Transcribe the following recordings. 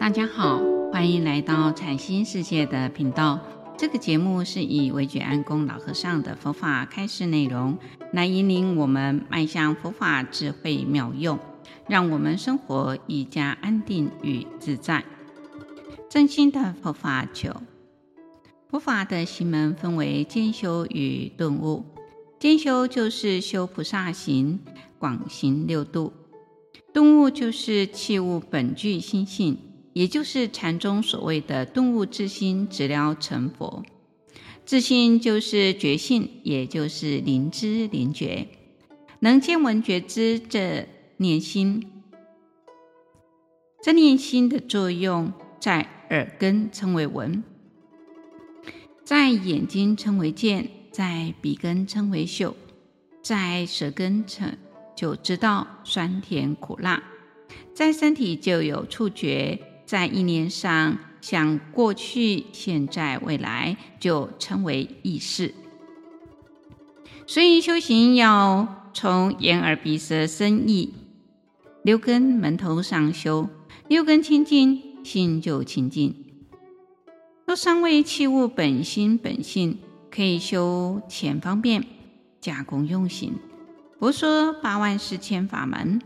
大家好，歡迎來到禪心世界的頻道。這個節目是以惟覺安公老和尚的佛法開示內容，來引領我們邁向佛法智慧妙用，讓我們生活更加安定與自在。正信的佛法九，佛法的行門分為漸修與頓悟。漸修就是修菩薩行、廣行六度；頓悟就是契悟本具心性。也就是禪宗所謂的頓悟自心，直了成佛。自性就是覺性，也就是靈知靈覺，能見聞覺知這念心。這念心的作用，在耳根稱為聞，在眼睛稱為見，在鼻根稱為嗅，在舌根稱就知道酸、甜、苦、辣，在身體就有觸覺。在意念上，想過去、現在、未來，就稱為意識。所以修行要從眼而鼻意、耳、鼻、舌、身、意六根門頭上修，六根清淨，心就清淨。若尚未契悟本心本性，可以修前方便，加功用行。佛說八萬四千法門。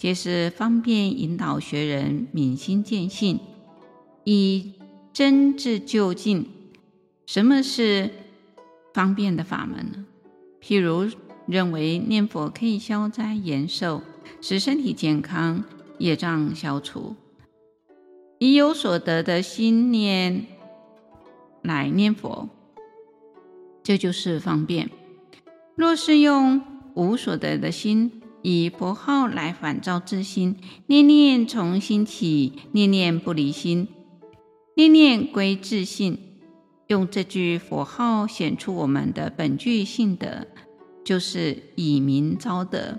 皆是方便引導學人明心見性，以臻至究竟。什麼是方便的法門呢？譬如認為念佛可以消災延壽，使身體健康、業障消除，以有所得的心念來念佛，這就是方便。若是用無所得的心。以佛號來返照自心，念念從心起，念念不離心，念念歸自性。用這句佛號顯出我們的本具性德，就是以名昭德，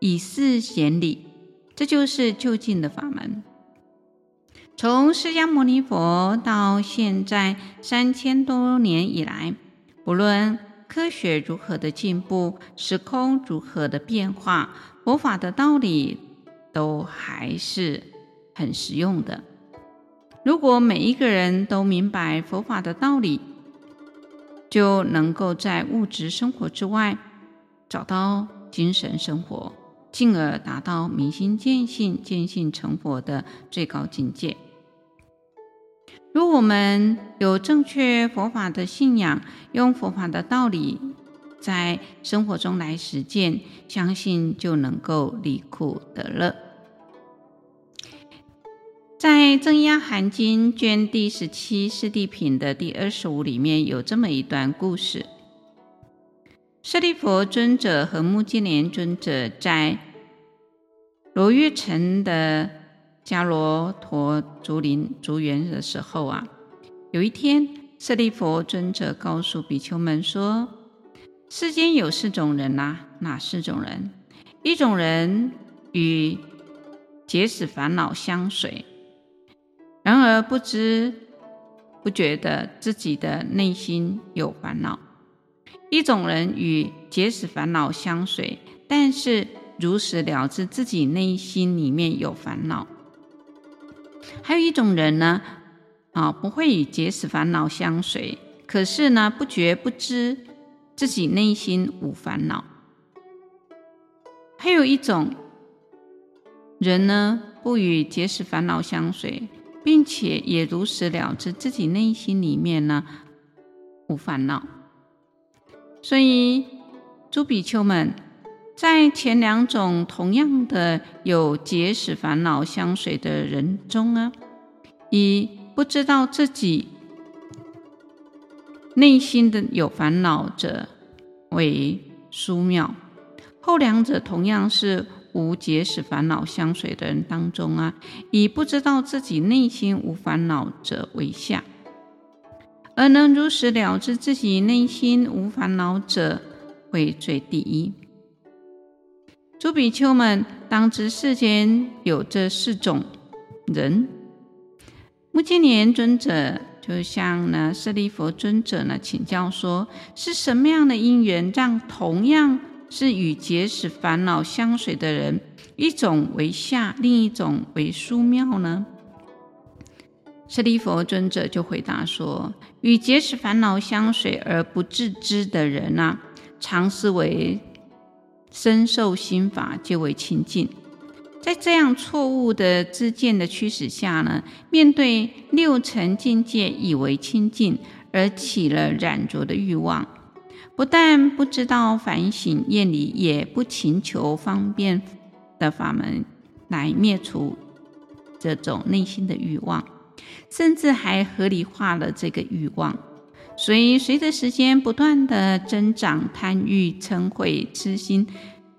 以事顯理，這就是究竟的法門。從釋迦牟尼佛到現在三千多年以來，不論。科學如何的進步，時空如何的變化，佛法的道理都還是很實用的。如果每一個人都明白佛法的道理，就能夠在物質生活之外找到精神生活，進而達到明心見性、見性成佛的最高境界。如果我們有正確佛法的信仰，用佛法的道理在生活中來實踐，相信就能夠離苦得樂。在《增壹阿含經卷第十七《四諦品》的第二十五裡面有這麼一段故事：舍利弗尊者和目犍連尊者在羅閱城的。迦蘭陀竹林竹園的時候啊，有一天，舍利弗尊者告訴比丘們說：“世間有四種人吶、啊，哪四種人？一種人與結使煩惱相隨，然而不知不覺得自己的內心有煩惱；一種人與結使煩惱相隨，但是如實了知自己內心裡面有煩惱。”還有一種人呢，啊，不會與結使煩惱相隨，可是呢，不覺不知自己內心無煩惱。還有一種人呢，不與結使煩惱相隨，並且也如實了知自己內心裡面呢無煩惱。所以，諸比丘們。在前兩種同樣的有結使煩惱相隨的人中啊，以不知道自己內心的有煩惱者為殊妙；後兩者同樣是無結使煩惱相隨的人當中啊，以不知道自己內心無煩惱者為下，而能如實了知自己內心無煩惱者為最第一。諸比丘們，當知世間有這四種人。目犍連尊者就向呢舍利弗尊者呢請教說：“是什麼樣的因緣，讓同樣是與結使煩惱相隨的人，一種為下，另一種為殊妙呢？”舍利弗尊者就回答說：“與結使煩惱相隨而不自知的人呢、啊，常思維，”身受心法，皆為清淨。在這樣錯誤的知見的驅使下呢，面對六塵境界以為清淨，而起了染着的欲望。不但不知道反省厭離，也不勤求方便的法門來滅除這種內心的欲望，甚至還合理化了這個欲望。所以隨着時間不斷的增長，貪欲、嗔恚、癡心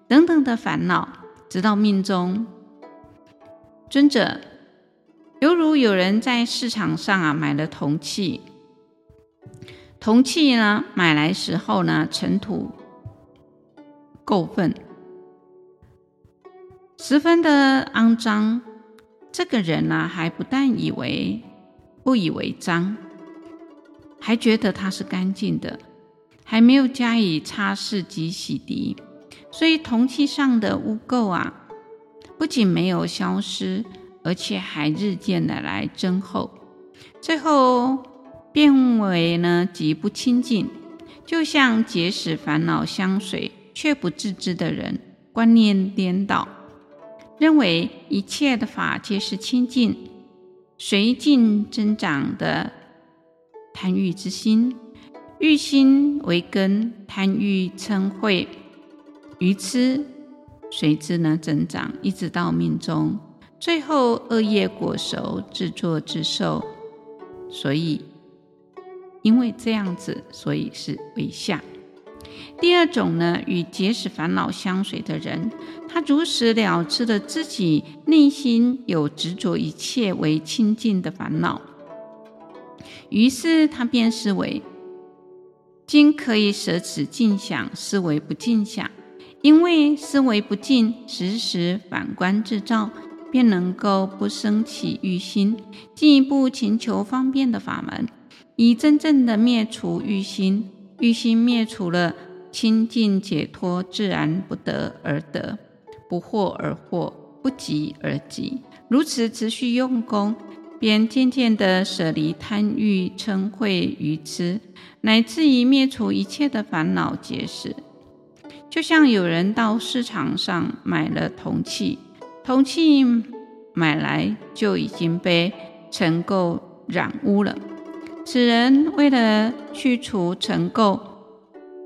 等等的煩惱，直到命終。尊者猶如有人在市場上啊買了銅器，銅器呢買來時候呢塵土垢坌，十分的骯髒。這個人呢、啊、還不但以為不以為髒。還覺得它是乾淨的，還沒有加以擦拭及洗滌，所以銅器上的污垢啊，不僅沒有消失，而且還日漸的來增厚，最後變為呢極不清淨。就像結使煩惱相隨卻不自知的人，觀念顛倒，認為一切的法皆是清淨，隨境增長的。貪欲之心，欲心為根，貪欲、瞋恚，愚癡隨之呢增長，一直到命終，最後惡業果熟，自作自受。所以，因為這樣子，所以是為下。第二種呢，與結使煩惱相隨的人，他如實了知了自己內心有執着一切為清淨的煩惱。於是他便思維：今可以舍此淨想，思維不淨想，因為思維不淨，時時反觀自照，便能夠不生起欲心，進一步勤求方便的法門，以真正的滅除欲心。欲心滅除了，清淨解脫自然不得而得，不獲而獲，不及而及。如此持續用功。便漸漸地捨離貪欲、嗔恚、愚癡，乃至於滅除一切的煩惱結使。就像有人到市場上買了銅器，銅器買來就已經被塵垢染污了。此人為了去除塵垢，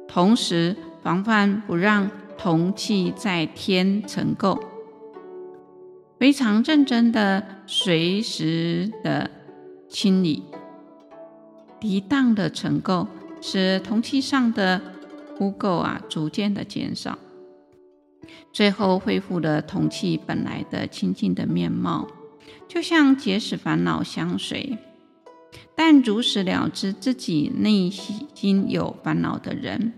同時防範不讓銅器再添塵垢。非常認真的，隨時的清理，滌蕩的塵垢，使銅器上的污垢啊，逐漸的減少，最後恢復了銅器本來的清淨的面貌。就像結使煩惱相隨，但如實了知自己內心有煩惱的人，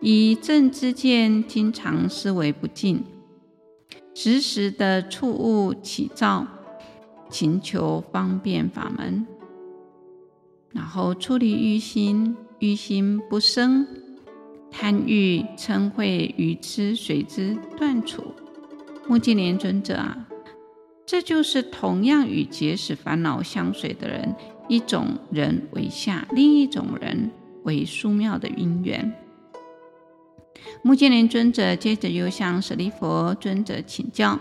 以正知見，經常思維不淨。時時的觸物起照，勤求方便法門，然後出離欲心，欲心不生，貪欲嗔恚愚痴隨之斷除。目犍連尊者啊，這就是同樣與結使煩惱相隨的人，一種人為下，另一種人為殊妙的因緣。目犍連尊者接着又向舍利弗尊者請教：“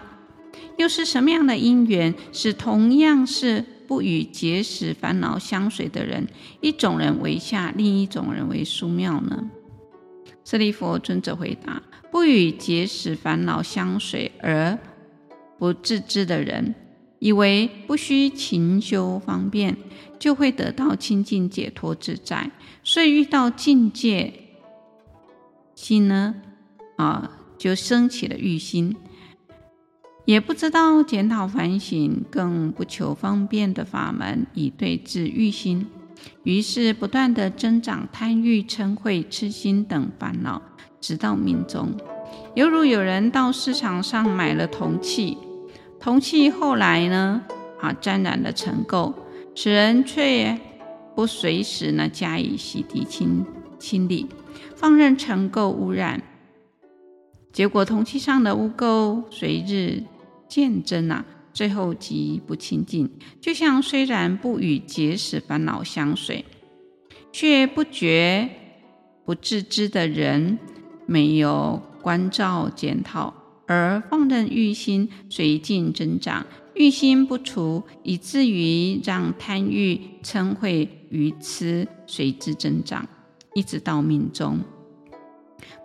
又是什麼樣的因緣，使同樣是不與結使煩惱相隨的人，一種人為下，另一種人為殊妙呢？”舍利弗尊者回答：“不與結使煩惱相隨而不自知的人，以為不需勤修方便，就會得到清淨解脫自在，所以遇到境界。”心呢，啊，就生起了欲心，也不知道檢討反省，更不求方便的法門以對治欲心，於是不斷的增長貪欲、嗔恚、痴心等煩惱，直到命終。猶如有人到市場上買了銅器，銅器後來呢，啊，沾染了塵垢，此人卻不隨時呢加以洗滌清。清理，放任塵垢污染，結果銅器上的污垢隨日漸增啊。最後極不清淨，就像雖然不與結使煩惱相隨，卻不覺不自知的人，沒有觀照檢討，而放任欲心隨境增長，欲心不除，以至於讓貪欲、瞋恚、愚癡隨之增長。一直到命終，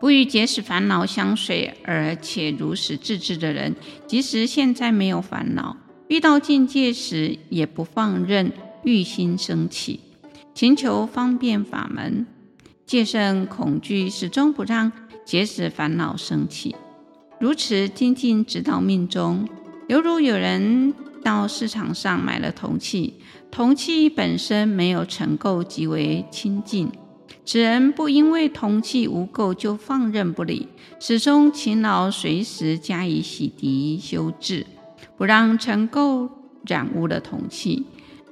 不與結使煩惱相隨，而且如實自知的人，即使現在沒有煩惱，遇到境界時也不放任欲心生起，勤求方便法門，戒慎恐懼，始終不讓結使煩惱生起。如此精進直到命終，猶如有人到市場上買了銅器，銅器本身沒有塵垢，極為清淨。此人不因為銅器無垢就放任不理，始終勤勞隨時加以洗滌修治，不讓塵垢染污了銅器，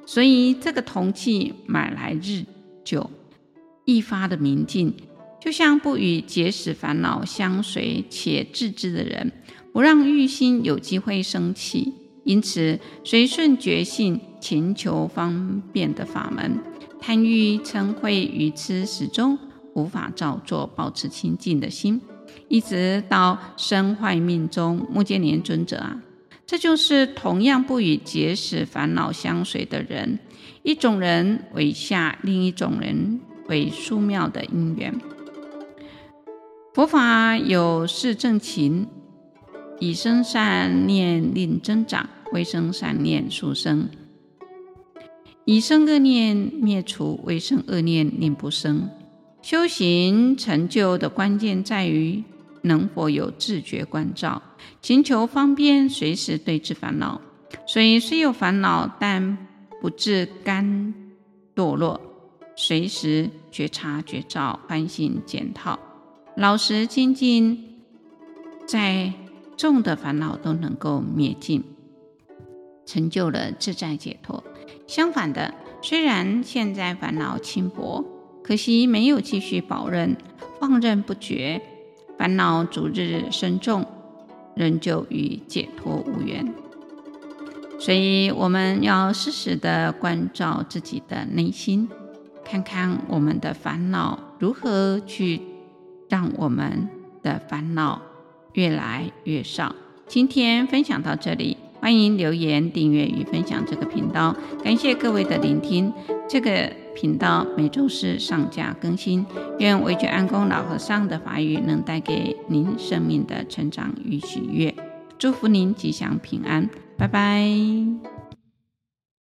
所以這個銅器買來日久，益發的明淨，就像不與結使煩惱相隨且自知的人，不讓欲心有機會生起，因此隨順覺性，勤求方便的法門。貪欲嗔恚、愚癡始終無法照做，保持清淨的心，一直到身壞命終。目犍連尊者啊，這就是同樣不與結使煩惱相隨的人，一種人為下，另一種人為殊妙的因緣。佛法有四正勤，已生善念令增長，未生善念速生。已生惡念滅除，未生惡念念不生。修行成就的關鍵在於能否有自覺觀照，尋求方便，隨時對治煩惱。所以雖有煩惱，但不自甘墮落，隨時覺察覺照，安心檢討，老實精進，再重的煩惱都能夠滅盡，成就了自在解脫。相反的，雖然現在煩惱輕薄，可惜沒有繼續保任，放任不絕，煩惱逐日深重，仍舊與解脫無緣。所以我們要時時的觀照自己的內心，看看我們的煩惱如何去，讓我們的煩惱越來越少。今天分享到這裡。歡迎留言、訂閱與分享這個頻道，感謝各位的聆聽。這個頻道每周四上架更新，願惟覺安公老和尚的法語能帶給您生命的成長與喜悅。祝福您吉祥平安，拜拜。